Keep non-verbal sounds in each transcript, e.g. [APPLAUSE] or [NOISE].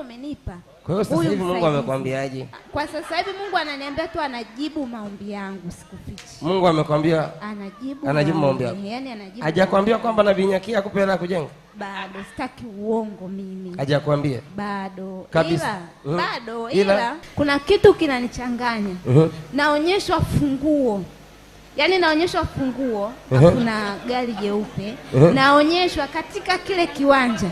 Umenipa. Kwa hiyo sasa hivi Mungu amekwambiaje? Kwa sasa hivi Mungu ananiambia tu anajibu maombi yangu sikufichi. Mungu amekwambia anajibu anajibu maombi yako. Yaani anajibu. Hajakwambia kwamba Nabii Nyakia akupe hela kujenga? Bado sitaki uongo mimi. Hajakwambia? Bado. Kabisa. Ila, uh-huh. Bado ila, ila kuna kitu kinanichanganya. Mm -hmm. Naonyeshwa funguo yani naonyeshwa funguo uh -huh. kuna gari jeupe uh -huh. naonyeshwa katika kile kiwanja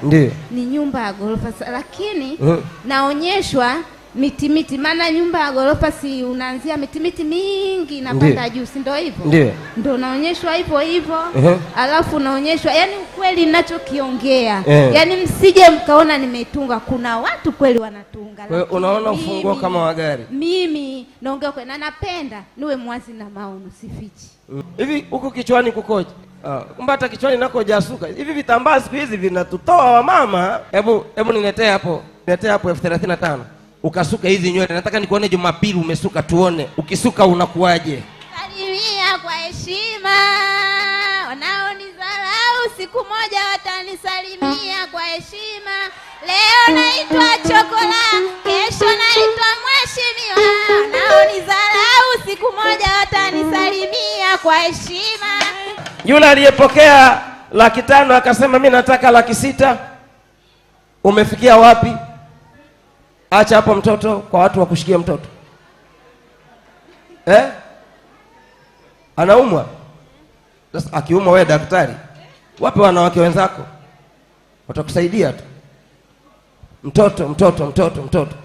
ni nyumba ya ghorofa, lakini uh -huh. naonyeshwa mitimiti maana nyumba ya ghorofa si unaanzia mitimiti mingi inapanda juu, si ndio? Hivyo ndio ndio unaonyeshwa hivyo hivyo uh -huh. Alafu unaonyeshwa yani ukweli ninachokiongea uh -huh. Yani msije mkaona nimetunga, kuna watu kweli wanatunga. Kwa unaona ufunguo kama wa gari, mimi naongea kwa, na napenda niwe mwazi na maono, sifichi mm. hivi uh-huh. Huko kichwani kukoje? Ah, kumbe hata kichwani nako jasuka hivi. Vitambaa siku hizi vinatutoa wamama. Hebu hebu niletee hapo, niletee hapo elfu thelathini na tano ukasuka hizi nywele. Nataka nikuone Jumapili umesuka, tuone ukisuka unakuwaje. Salimia kwa heshima, wanaonizalau siku moja watanisalimia kwa heshima. Leo naitwa Chokola, kesho naitwa Mheshimiwa. Wanaonizalau siku moja watanisalimia kwa heshima. Yule aliyepokea laki tano akasema mi nataka laki sita. Umefikia wapi? acha hapo mtoto kwa watu wa kushikia mtoto eh? Anaumwa sasa, akiumwa wewe daktari, wape wanawake wenzako, watakusaidia tu. Mtoto mtoto mtoto mtoto.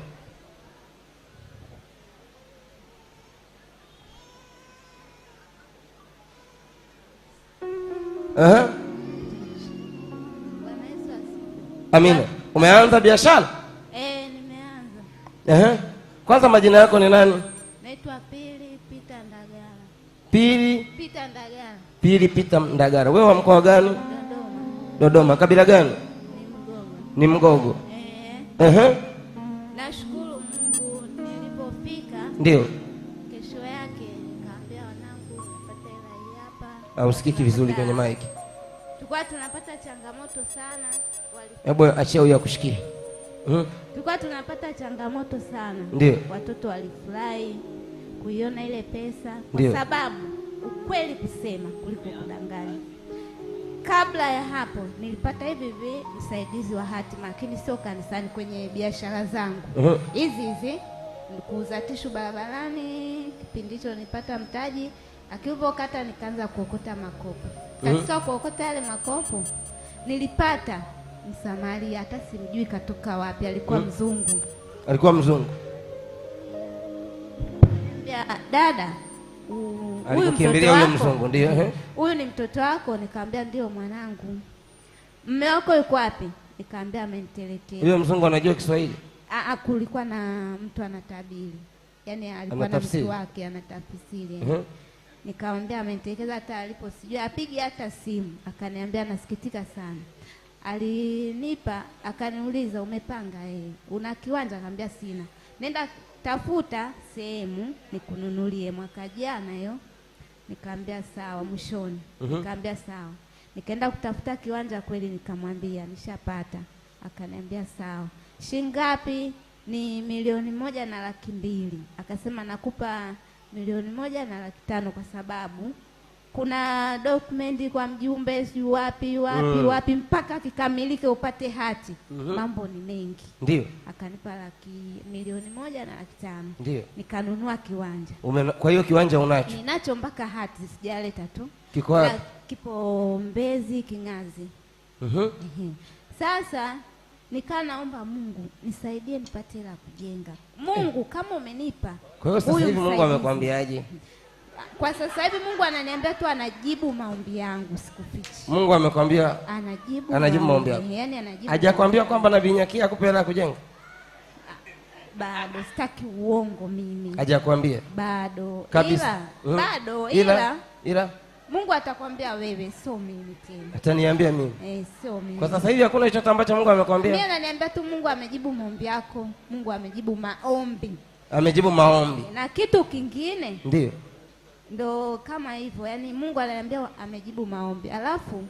Uh-huh. Amina, umeanza biashara Ehe. Kwanza majina yako ni nani? Naitwa Pili Pita Ndagara. Pili Pita Ndagara. Pili Pita Ndagara. Wewe wa mkoa gani? Dodoma. Dodoma. Kabila gani? Ni Mgogo. Ni Mgogo. Ehe. Ehe. Nashukuru Mungu nilipofika. Ndio. Kesho yake nikaambia wanangu nipate hela hapa. Hausikiki vizuri kwenye mic. Tulikuwa tunapata changamoto sana. Hebu achia huyo akushikie tulikuwa tunapata changamoto sana. Ndiyo. watoto walifurahi kuiona ile pesa Ndiyo. kwa sababu ukweli kusema kuliko kudanganya. Kabla ya hapo nilipata hivi hivi msaidizi wa hatima, lakini sio kanisani, kwenye biashara zangu hizi mm hizi kuuza tishu barabarani. Kipindi hicho nilipata mtaji, akiuvokata nikaanza kuokota makopo. Katika kuokota yale makopo nilipata Msamaria, hata simjui katoka wapi, alikuwa hmm. mzungu. Alikuwa mzungu. Ya, dada alikukimbilia huyo mzungu, ndio eh? huyu ni mtoto wako? Nikamwambia ndio mwanangu. Mme wako yuko wapi? Nikamwambia amenitelekea. Huyo mzungu anajua Kiswahili? Ah, kulikuwa na mtu anatabiri, yaani alikuwa na mtu wake anatafsiri. Yaani. uh -huh. Nikamwambia amenitelekeza, hata alipo sijui apigi hata simu, akaniambia nasikitika sana alinipa akaniuliza, umepanga eh? una kiwanja? Akamwambia sina. Nenda tafuta sehemu nikununulie. Mwaka jana hiyo nikaambia sawa, mwishoni mm -hmm. nikaambia sawa, nikaenda kutafuta kiwanja kweli, nikamwambia nishapata. Akaniambia sawa, shingapi? ni milioni moja na laki mbili. Akasema nakupa milioni moja na laki tano kwa sababu kuna document kwa mjumbe, si wapi wapi mm. wapi mpaka kikamilike upate hati mm -hmm. Mambo ni mengi, ndio akanipa laki milioni moja na laki tano ndio nikanunua kiwanja Ume, Kwa hiyo kiwanja unacho? Ninacho mpaka hati sijaleta tu. Kiko Kipo Mbezi King'azi. mm -hmm. Sasa nikaa naomba Mungu nisaidie nipate la kujenga. Mungu eh. kama umenipa. Kwa hiyo sasa hivi Mungu amekwambiaje? Kwa sasa hivi Mungu ananiambia tu anajibu maombi yangu, sikufichi. Mungu amekwambia anajibu, anajibu maombi yako. Yaani anajibu. Hajakwambia kwamba Nabii Nyakia akupe hela kujenga? Bado sitaki uongo mimi. Hajakwambia? Bado. Kabisa. Ila, mm. bado ila, ila, ila. Mungu atakwambia wewe, sio mimi tena. Ataniambia mimi? Eh, sio mimi. Kwa sasa hivi hakuna chochote ambacho Mungu amekwambia. Mimi ananiambia tu Mungu amejibu maombi yako. Mungu amejibu maombi. Amejibu maombi. Na kitu kingine? Ndio ndo kama hivyo, yani Mungu ananiambia amejibu maombi. Alafu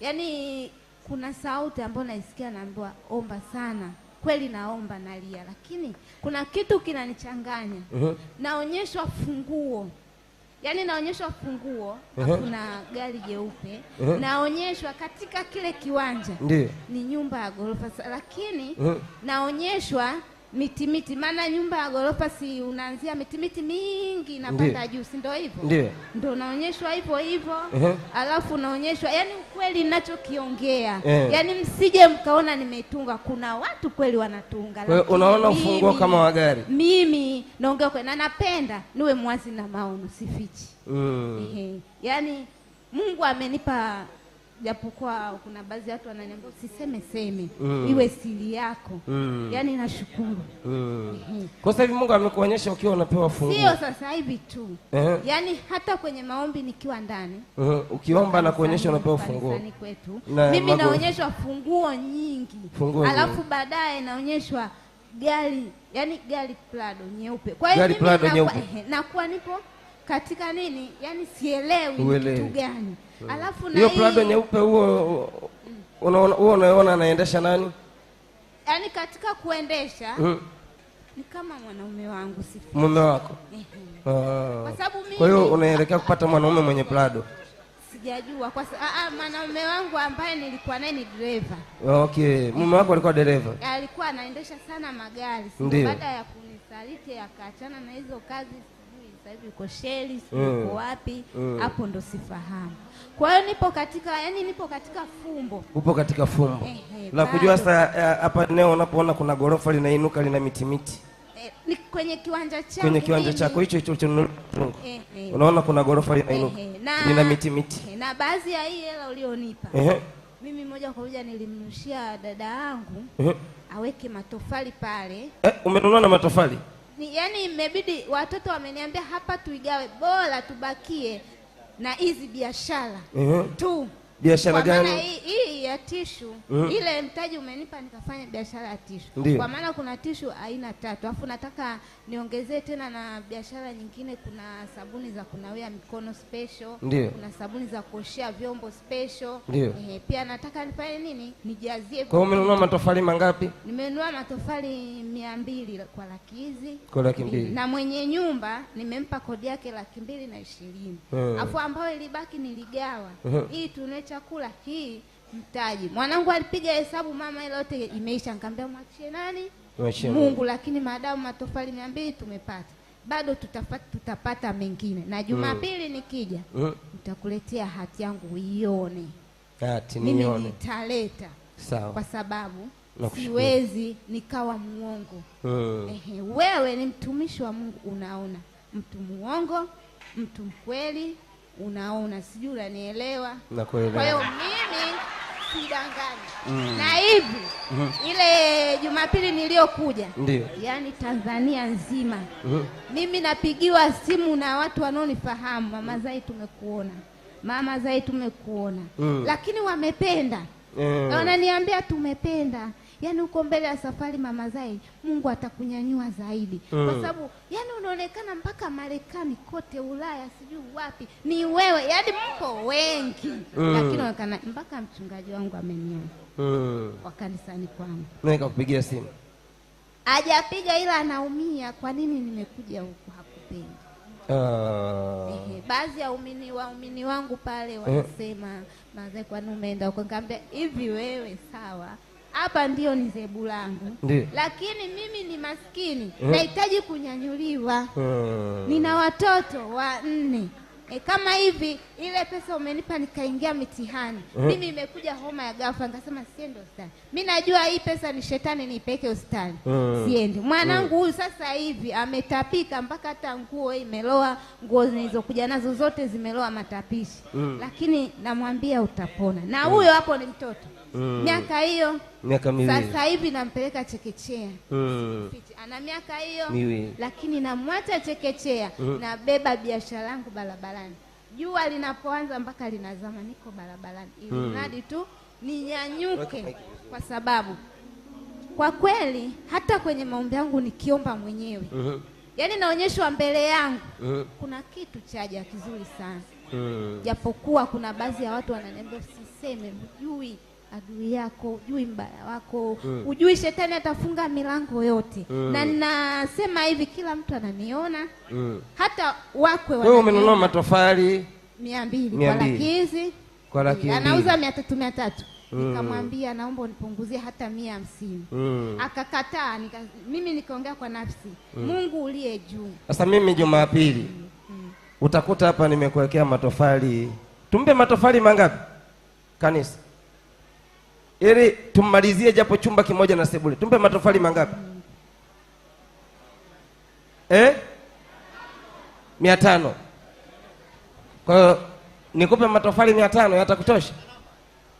yani kuna sauti ambayo naisikia, naambiwa omba sana. Kweli naomba, nalia, lakini kuna kitu kinanichanganya. uh -huh. Naonyeshwa funguo, yani naonyeshwa funguo uh -huh. Kuna gari jeupe uh -huh. Naonyeshwa katika kile kiwanja Ndiye. ni nyumba ya ghorofa, lakini uh -huh. naonyeshwa mitimiti maana nyumba ya ghorofa si unaanzia mitimiti mingi inapanda juu, si ndio? Hivyo ndio ndio unaonyeshwa hivyo hivyo uh -huh. Alafu unaonyeshwa yani ukweli ninachokiongea uh -huh. Eh. Yani msije mkaona nimetunga, kuna watu kweli wanatunga. Wewe unaona ufunguo kama wa gari, mimi naongea kwa na napenda niwe mwazi na maono, sifichi mm. yani Mungu amenipa japokuwa kuna baadhi ya watu wananiambia usiseme seme, mm. iwe siri yako mm. Yaani nashukuru mm. mm. Kwa sasa hivi Mungu amekuonyesha ukiwa unapewa funguo, sio sasa hivi tu uh eh? -huh. Yaani hata kwenye maombi nikiwa ndani uh mm-hmm. -huh. Ukiomba na kuonyesha unapewa funguo kwetu na, mimi naonyeshwa funguo nyingi funguo, alafu baadaye naonyeshwa gari, yaani gari plado nyeupe. Kwa hiyo mimi [LAUGHS] nakuwa nipo katika nini, yani sielewi kitu gani. Alafu na hiyo Prado nyeupe, huo huo unaona anaendesha nani? Yani katika kuendesha mm. ni kama mwanaume wangu, si mume wako? [LAUGHS] Kwa sababu mimi, kwa hiyo unaelekea kupata mwanaume mwenye Prado? Sijajua kwa sababu ah, ah, mwanaume wangu ambaye nilikuwa naye ni dereva. Okay, mume wako alikuwa dereva? Alikuwa anaendesha sana magari, baada ya kunisaliti akaachana na hizo kazi sasa hivi uko sheli mm. uko wapi mm. hapo mm. ndo sifahamu. Kwa hiyo nipo katika yani, nipo katika fumbo. Upo katika fumbo eh, eh, la kujua sasa eh, hapa eneo unapoona kuna gorofa linainuka lina miti miti eh, ni kwenye kiwanja chako kwenye kiwanja chako hicho hicho eh, eh, unaona kuna gorofa eh, linainuka eh, eh, lina miti miti eh, na baadhi ya hii hela ulionipa eh, mimi moja kwa moja nilimnushia dada yangu eh, aweke matofali pale eh, umenunua na matofali ni yani, imebidi watoto wameniambia hapa tuigawe, bora tubakie na hizi biashara uh -huh. tu biashara gani? Hii ya tishu mm. Ile mtaji umenipa nikafanya biashara ya tishu, kwa maana kuna tishu aina tatu, alafu nataka niongezee tena na biashara nyingine. Kuna sabuni za kunawia mikono special, kuna sabuni za kuoshea vyombo special. Eh, pia nataka nifanye nini, nijazie. Kwa hiyo umenunua matofali mangapi? Nimenunua matofali mia mbili kwa laki hizi, kwa laki mbili, na mwenye nyumba nimempa kodi yake laki mbili na ishirini, eh. alafu ambayo ilibaki niligawa eh. hii tun chakula hii mtaji. Mwanangu alipiga hesabu, mama, ile yote imeisha. Nikamwambia mwachie nani? Mungu. Lakini maadamu matofali mia mbili tumepata bado tutapata, tutapata mengine na Jumapili mm. nikija mm. nitakuletea hati yangu uione, hati mimi nitaleta sawa, kwa sababu siwezi nikawa muongo mm. Ehe, wewe ni mtumishi wa Mungu, unaona mtu muongo, mtu mkweli unaona, sijui unanielewa. Kwa hiyo mimi sidangani mm. na hivi mm mm-hmm. ile Jumapili niliyokuja ndio, yani Tanzania nzima mm mimi napigiwa simu na watu wanaonifahamu, mama zai, tumekuona mama zai, tumekuona mm. lakini wamependa mm. wananiambia tumependa yani huko mbele ya safari mama zai, Mungu atakunyanyua zaidi mm. kwa eh. sababu yani unaonekana mpaka Marekani kote, Ulaya sijui wapi, ni wewe, yani mko wengi mm. lakini unaonekana mpaka mchungaji wangu amenia mm. Eh. wa kanisani kwangu, nikakupigia simu hajapiga, ila anaumia, kwa nini nimekuja huku hakupenda Uh, baadhi ya umini waumini wangu pale wanasema, uh, mazee, kwani umeenda huko? Nikamwambia hivi, wewe sawa hapa ndio ni zebu langu, lakini mimi ni maskini mm. nahitaji kunyanyuliwa mm. nina watoto wanne. E, kama hivi ile pesa umenipa nikaingia mitihani mm. mimi imekuja homa ya ghafla, nikasema siende hospitali. mi najua hii pesa ni shetani, niipeke hospitali mm. siende. Mm. Mwanangu huyu mm. sasa hivi ametapika mpaka hata nguo imeloa, nguo zilizokuja nazo zote zimeloa matapishi mm. lakini namwambia utapona, na mm. huyo mm. hapo ni mtoto Mm. miaka hiyo miaka miwili. Sasa hivi nampeleka chekechea mm. ana miaka hiyo miwili, lakini namwacha chekechea mm. nabeba biashara yangu barabarani, jua linapoanza mpaka linazama, niko barabarani ili mm. mradi mm. tu ninyanyuke, kwa sababu kwa kweli hata kwenye maombi yangu nikiomba mwenyewe mm. yaani naonyeshwa mbele yangu mm. kuna kitu chaja kizuri sana mm. japokuwa kuna baadhi ya watu wananiambia usiseme, mjui adui yako, ujui mbaya wako mm. ujui shetani atafunga milango yote mm. na ninasema hivi, kila mtu ananiona mm. hata wakwe wewe umenunua matofali mia mbili kwa laki hizi kwa laki anauza mia tatu mia tatu Mm. Nikamwambia naomba unipunguzie hata mia hamsini mm. Akakataa nika, mimi nikaongea kwa nafsi mm. Mungu uliye juu. Sasa mimi Jumapili mm. mm. utakuta hapa nimekuwekea matofali. Tumpe matofali mangapi kanisa? ili tummalizie japo chumba kimoja na sebule. Tumpe matofali mangapi? Eh, mia tano. Kwa hiyo nikupe matofali mia tano yatakutosha?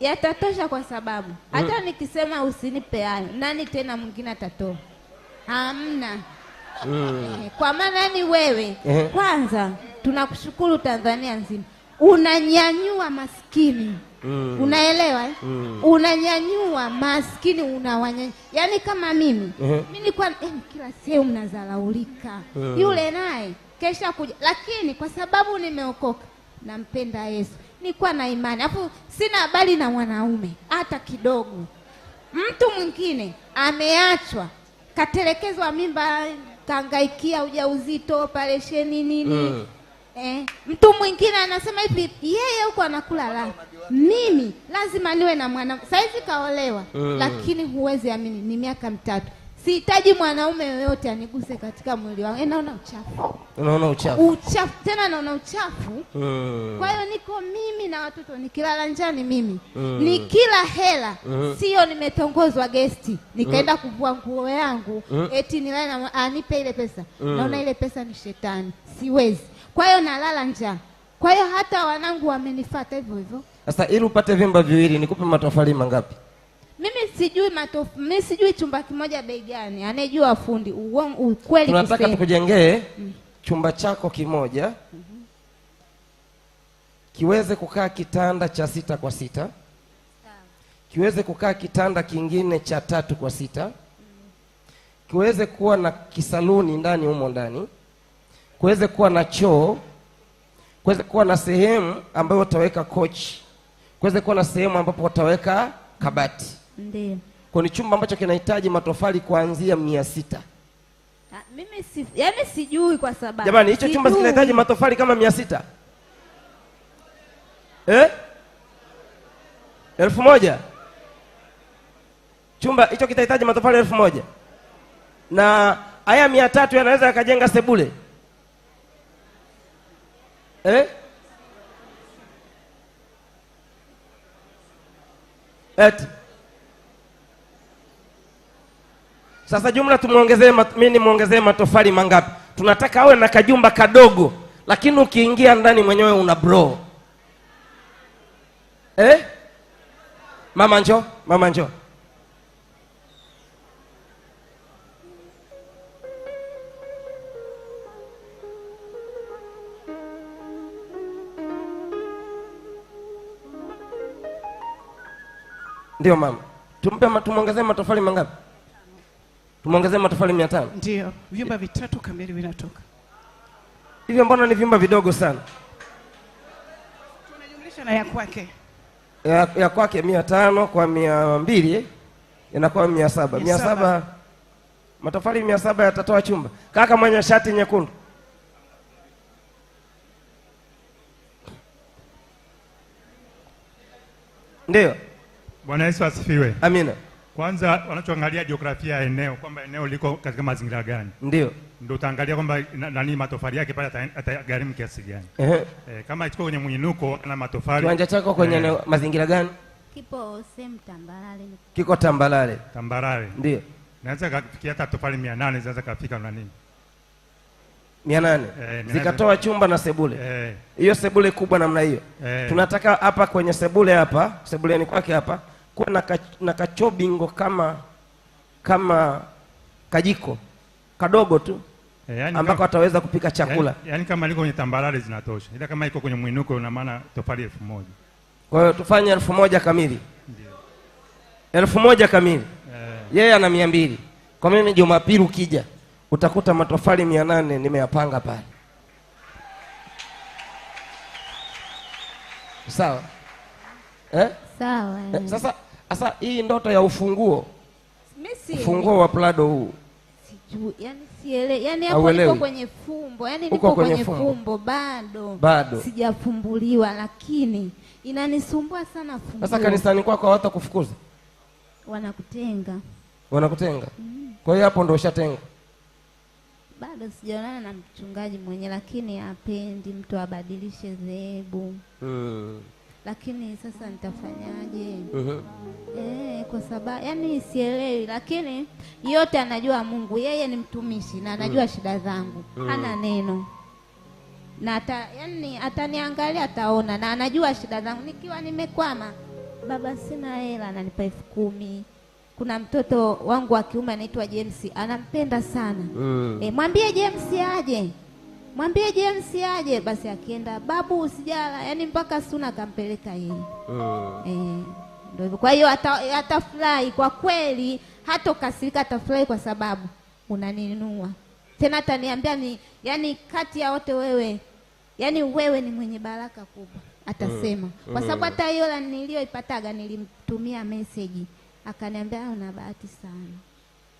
Yatatosha kwa sababu mm. hata mm. nikisema usinipe hayo, nani tena mwingine atatoa? Hamna. Mm. Eh, kwa maana ni wewe eh. kwanza, tunakushukuru Tanzania nzima, unanyanyua maskini mm. unaelewa eh? mm. unanyanyua maskini unawanyanyua yaani kama mimi mm mi nilikuwa eh, kila sehemu mnazalaulika mm. yule naye kesha kuja lakini kwa sababu nimeokoka nampenda yesu nikuwa na imani alafu sina habari na mwanaume hata kidogo mtu mwingine ameachwa katelekezwa mimba kangaikia ujauzito operesheni nini mm. eh, mtu mwingine anasema hivi yeye huko anakula la mimi lazima niwe na mwanamke. Saizi kaolewa mm. Lakini huwezi amini, ni miaka mitatu sihitaji mwanaume yoyote aniguse katika mwili wangu. Eh, naona uchafu, unaona uchafu, uchafu tena, naona uchafu mm. Kwa hiyo niko mimi na watoto, nikilala njani mimi mm. nikila hela mm. sio nimetongozwa gesti nikaenda mm. kuvua nguo yangu mm. eti nilale na anipe ile pesa mm. naona ile pesa ni shetani, siwezi. Kwa hiyo nalala njaa. Kwa hiyo hata wanangu wamenifata hivyo hivyo. Sasa ili upate vyumba viwili nikupe matofali mangapi? Mimi sijui matof, mimi sijui chumba kimoja bei gani, anejua fundi ukweli. Tunataka tukujengee mm. chumba chako kimoja mm -hmm. kiweze kukaa kitanda cha sita kwa sita kiweze kukaa kitanda kingine cha tatu kwa sita mm. kiweze kuwa na kisaluni ndani humo ndani, kuweze kuwa na choo, kuweze kuwa na sehemu ambayo utaweka kochi kuweze kuwa na sehemu ambapo wataweka kabati. Ndiyo. Kwa ni chumba ambacho kinahitaji matofali kuanzia mia sita. Ah, mimi si, yani sijui kwa sababu. Jamani hicho chumba kinahitaji matofali kama mia sita. Eh? Elfu moja. Chumba hicho kitahitaji matofali elfu moja. Na haya mia tatu yanaweza yakajenga sebule. Eh? eti sasa jumla tumwongezee mimi nimwongezee matofali mangapi? Tunataka awe na kajumba kadogo, lakini ukiingia ndani mwenyewe una bro eh? Mama njo, mama njo Ndio mama, tumpe tumwongezee matofali mangapi? Tumwongezee matofali mia tano. Ndio vyumba vitatu kamili vinatoka hivyo. Mbona ni vyumba vidogo sana? Tunajumlisha na ya kwake, ya, ya kwake mia tano kwa mia mbili inakuwa mia saba mia saba matofali mia saba yatatoa chumba. Kaka mwenye shati nyekundu ndio Bwana Yesu asifiwe. Amina. Kwanza wanachoangalia jiografia ya eneo kwamba eneo liko katika mazingira gani, ndio ndio utaangalia kwamba nani matofali yake pale atagharimu kiasi gani. Eh, kama iko kwenye mwinuko na matofali. Kiwanja chako kwenye eh, mazingira gani? Kipo sehemu tambalale. Kiko tambalale. Tambalale. Ndio. Naanza kafikia hata tofali 800 zinaweza kafika na nini? 800. Eh, zikatoa chumba na sebule. Eh. Hiyo eh, sebule kubwa namna hiyo. Eh, tunataka hapa kwenye sebule hapa, sebuleni kwake hapa kuwa na, kachobingo kama kama kajiko kadogo tu e, yani ambako ataweza kupika chakula yani, yani kama liko kwenye tambarare zinatosha, ila kama iko kwenye mwinuko ina maana tofali elfu moja. Kwa hiyo tufanye elfu moja kamili, ndio elfu moja kamili eh. yeye yeah, ana mia mbili. Kwa mimi Jumapili ukija utakuta matofali mia nane nimeyapanga pale, sawa eh? Sawa eh, sasa sasa hii ndoto ya ufunguo, Misi. ufunguo wa plado huu sijui, yani siele, yani hapo niko kwenye fumbo, yani niko kwenye, kwenye fumbo, fumbo bado, bado sijafumbuliwa, lakini inanisumbua sana fumbo. Sasa kanisani kwako kwa kufukuza. wanakutenga, wanakutenga mm. Kwa hiyo hapo ndo ushatenga bado sijaonana na mchungaji mwenye, lakini apendi mtu abadilishe dhehebu mm lakini sasa nitafanyaje? uh -huh. E, kwa sababu yani sielewi, lakini yote anajua Mungu. Yeye ni mtumishi na anajua uh -huh. shida zangu uh -huh. hana neno na ata, yani ataniangalia, ataona na anajua shida zangu. Nikiwa nimekwama, baba, sina hela, ananipa elfu kumi kuna mtoto wangu wa kiume anaitwa James, anampenda sana. mm. E, mwambie James aje mwambie James aje. Basi akienda babu usijala, yani mpaka Suna akampeleka yeye uh. E, ndio hivyo. Kwa hiyo atafurahi ata kwa kweli, hatokasirika, atafurahi kwa sababu unaninua tena, ataniambia ni yani, kati ya wote wewe, yani wewe ni mwenye baraka kubwa, atasema uh. kwa sababu mm. hata hiyo la niliyoipataga nilimtumia message akaniambia, una bahati sana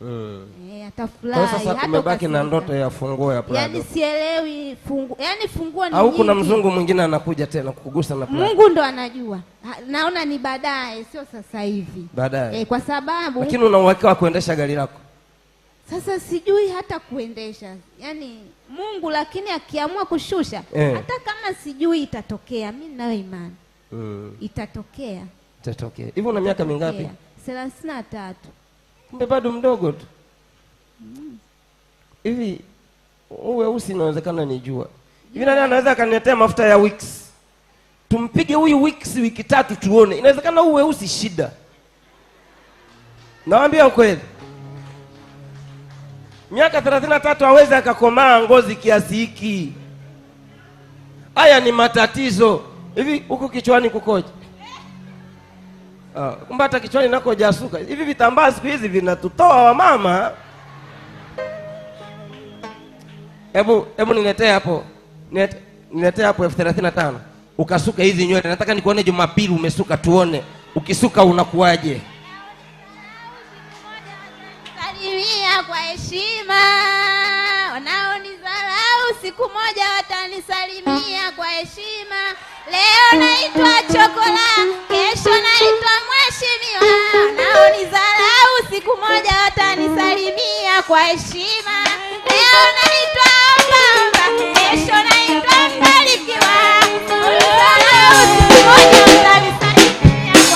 Mm. E, Sasa tumebaki na ndoto ya funguo ya Prado. Yaani sielewi fungu, yaani funguo ni au kuna mzungu mwingine anakuja tena kukugusa na Prado. Mungu ndo anajua. Naona ni baadaye, sio sasa hivi. Baadaye. E, kwa sababu lakini una uhakika wa kuendesha gari lako? Sasa sijui hata kuendesha, yaani Mungu, lakini akiamua kushusha e, hata kama sijui itatokea, mi nayo imani mm, itatokea. Itatokea hivyo. na miaka mingapi? thelathini tatu kumbe bado mdogo tu hivi. Huu weusi inawezekana ni jua hivi. Nani anaweza akaniletea mafuta ya wix Tumpige huyu wix wiki tatu tuone, inawezekana huu weusi shida. Nawambia ukweli, miaka thelathini na tatu hawezi akakomaa ngozi kiasi hiki. Haya ni matatizo. Hivi huku kichwani kukoje? kumbe hata kichwani nako jasuka. Hivi vitambaa siku hizi vinatutoa wamama. Hebu hebu niletee hapo, niletee hapo elfu thelathini na tano ukasuka hizi nywele. Nataka nikuone Jumapili umesuka, tuone ukisuka unakuwaje. Salimia kwa heshima, wanaonizalau siku moja watanisalimia kwa heshima. Leo naitwa Chokola kesho naitwa mheshimiwa, nao ni naonidharau siku moja watanisalimia kwa heshima. Leo naitwa Mbamba, kesho naitwa Mbarikiwa, Watakusalimia kwa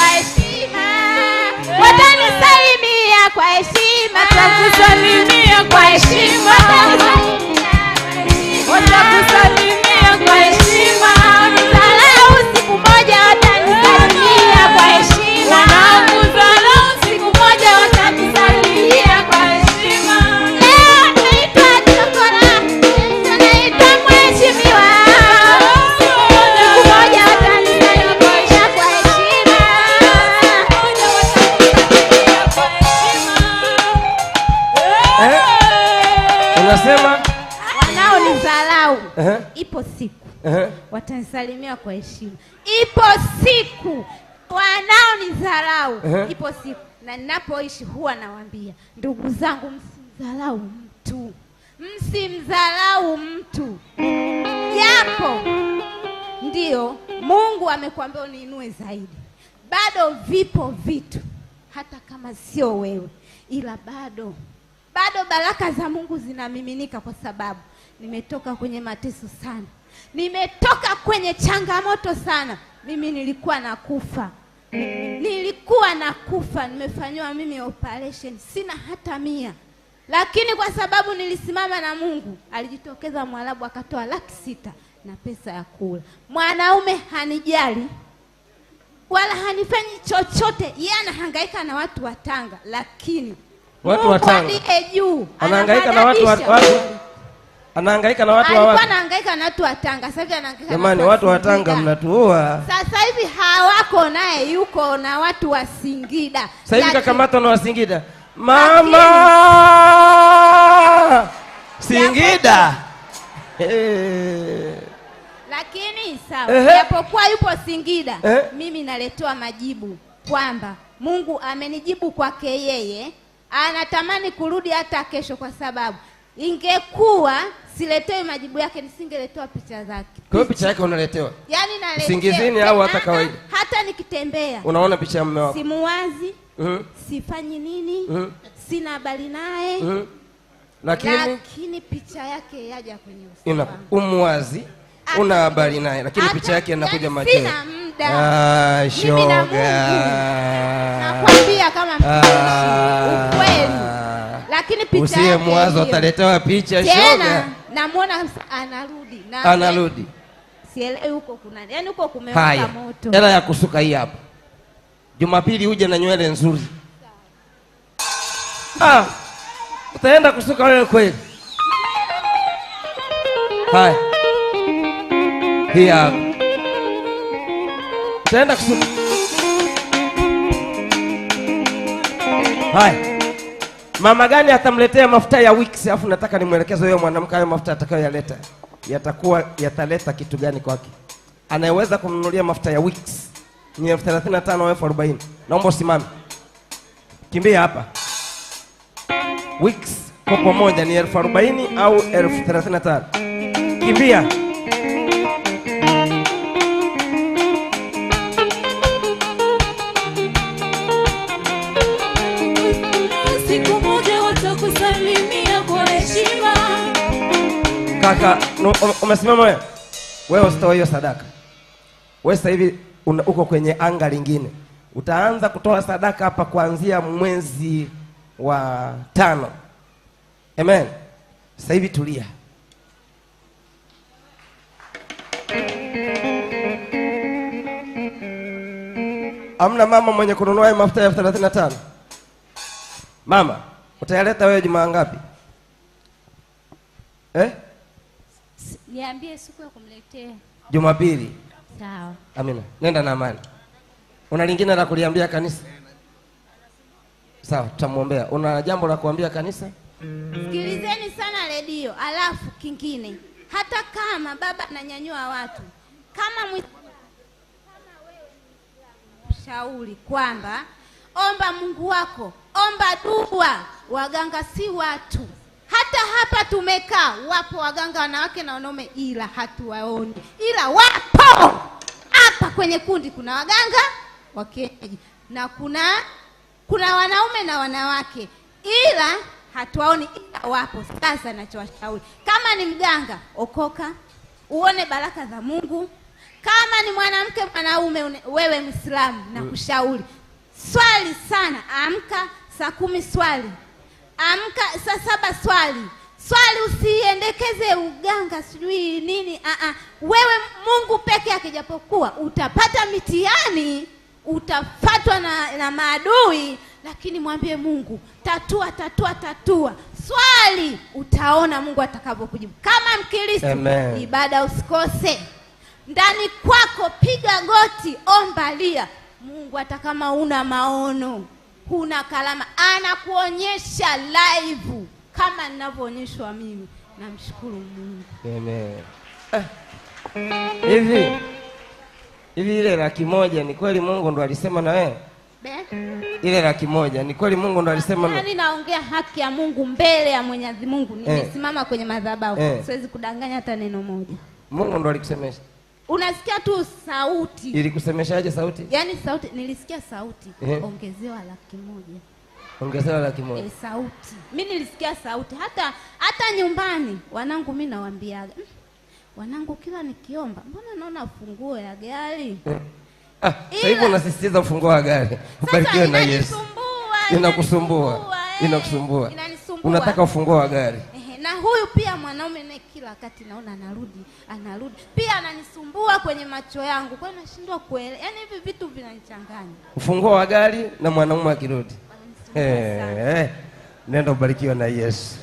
heshima, watanisalimia kwa heshima, watakusalimia kwa heshima, ipo siku uh-huh. watanisalimia kwa heshima. Ipo siku wanaonidharau uh-huh. ipo siku, na ninapoishi huwa nawaambia ndugu zangu, msimdharau mtu, msimdharau mtu, japo ndio Mungu amekuambia uniinue zaidi, bado vipo vitu hata kama sio wewe, ila bado bado baraka za Mungu zinamiminika kwa sababu nimetoka kwenye mateso sana, nimetoka kwenye changamoto sana. Mimi nilikuwa nakufa, nilikuwa nakufa, nimefanyiwa mimi operation, sina hata mia, lakini kwa sababu nilisimama na Mungu, alijitokeza Mwarabu akatoa laki sita na pesa ya kula. Mwanaume hanijali wala hanifanyi chochote, yeye anahangaika na watu wa Tanga, lakini watu wa Tanga juu anahangaika na watu wa anahangaika na watu wa wapi? Anahangaika na watu wa Tanga. Sasa hivi anahangaika. Jamani, watu wa Tanga mnatuoa. Sasa hivi hawako naye, yuko na watu wa Singida. Sasa hivi kakamata na wa Singida. Mama! Singida. Eh. Lakini sawa, japokuwa yupo Singida, eh. mimi naletewa majibu kwamba Mungu amenijibu kwake yeye, anatamani kurudi hata kesho kwa sababu ingekuwa siletewi majibu yake nisingeletewa picha zake. Kwa hiyo picha yake unaletewa? Yaani naletewa. Singizini au hata kawaida? Hata nikitembea. Unaona picha ya mume wako? Simuwazi. Mm. Sifanyi nini? Mm. Sina habari naye. Mm. Lakini lakini picha yake yaja kwenye usiku. Ina umwazi. Ah. Una habari naye lakini picha yake inakuja macho. Sina muda. Ah, shoga. Nakwambia kama mpenzi. Ah. Ukweli lakini picha usiye mwazo ataletewa picha tena, namwona anarudi na anarudi, sielewi huko kuna yani, huko kumewaka moto. Hela ya kusuka hii hapa, Jumapili uje na nywele nzuri. Ah, utaenda kusuka wewe kweli? Haya, hii hapa utaenda kusuka. Haya. Mama gani atamletea mafuta ya Wicks? afu nataka nimwelekeze huyo mwanamke hayo mafuta atakayoyaleta yatakuwa yataleta kitu gani kwake? Anayeweza kumnunulia mafuta ya Wicks ni elfu thelathini na tano elfu arobaini Naomba usimame, kimbia hapa. Wicks kopo moja ni elfu arobaini au elfu thelathini na tano Kimbia. Kaka um, umesimama wewe, usitoe hiyo sadaka. Wewe sasa hivi uko kwenye anga lingine, utaanza kutoa sadaka hapa kuanzia mwezi wa tano. Amen. Sasa hivi tulia, amna mama mwenye kununua mafuta ya elfu thelathini na tano. Mama utayaleta wewe jumaa ngapi eh? Niambie siku ya kumletea. Jumapili. Sawa. Amina. Nenda na amani. Una lingine la kuliambia kanisa? Sawa, tutamwombea. Una jambo la kuambia kanisa? Sikilizeni sana redio, alafu kingine, hata kama baba ananyanyua watu kama mwi... shauri kwamba omba Mungu wako, omba dua. Waganga si watu hata hapa tumekaa, wapo waganga wanawake na wanaume, ila hatuwaoni, ila wapo hapa kwenye kundi. Kuna waganga wa na kuna kuna wanaume na wanawake, ila hatuwaoni, ila wapo. Sasa nachowashauri, kama ni mganga, okoka uone baraka za Mungu. Kama ni mwanamke, mwanaume, wewe na nakushauri swali sana, amka saa kumi swali amka saa saba swali swali, usiendekeze uganga sijui nini. A a, wewe Mungu peke yake, japokuwa utapata mitihani, utafatwa na, na maadui, lakini mwambie Mungu, tatua tatua tatua swali, utaona Mungu atakavyokujibu. Kama Mkristo, ibada usikose ndani kwako, piga goti, ombalia Mungu, hata kama una maono huna karama, anakuonyesha live kama ninavyoonyeshwa mimi. Namshukuru Mungu. Amen. Eh. Hivi eh, hivi ile laki moja ni kweli Mungu ndo alisema na wewe? Ile laki moja ni kweli Mungu ndo alisema na mimi. Naongea haki ya Mungu mbele ya Mwenyezi Mungu, eh. nimesimama eh, kwenye madhabahu eh, siwezi kudanganya hata neno moja. Mungu ndo alikusemesha unasikia tu sauti. Ilikusemeshaje sauti? Yaani sauti, nilisikia sauti eh. ongezewa laki moja ongezewa laki moja. E, sauti mi nilisikia sauti, hata hata nyumbani wanangu mi nawambiaga mm, wanangu kila nikiomba, mbona naona funguo ya gari eh. Ah, sasa hivi unasisitiza ufunguo wa gari. Ubarikiwe na Yesu. Inakusumbua, eh. inakusumbua, inakusumbua, unataka ufunguo wa gari na huyu pia mwanaume naye kila wakati naona anarudi anarudi, pia ananisumbua kwenye macho yangu, kwa hiyo nashindwa kuelewa. Yaani hivi vitu vinanichanganya, ufunguo wa gari na mwanaume akirudi. Hey, eh, eh. hey. Nenda ubarikiwa na Yesu.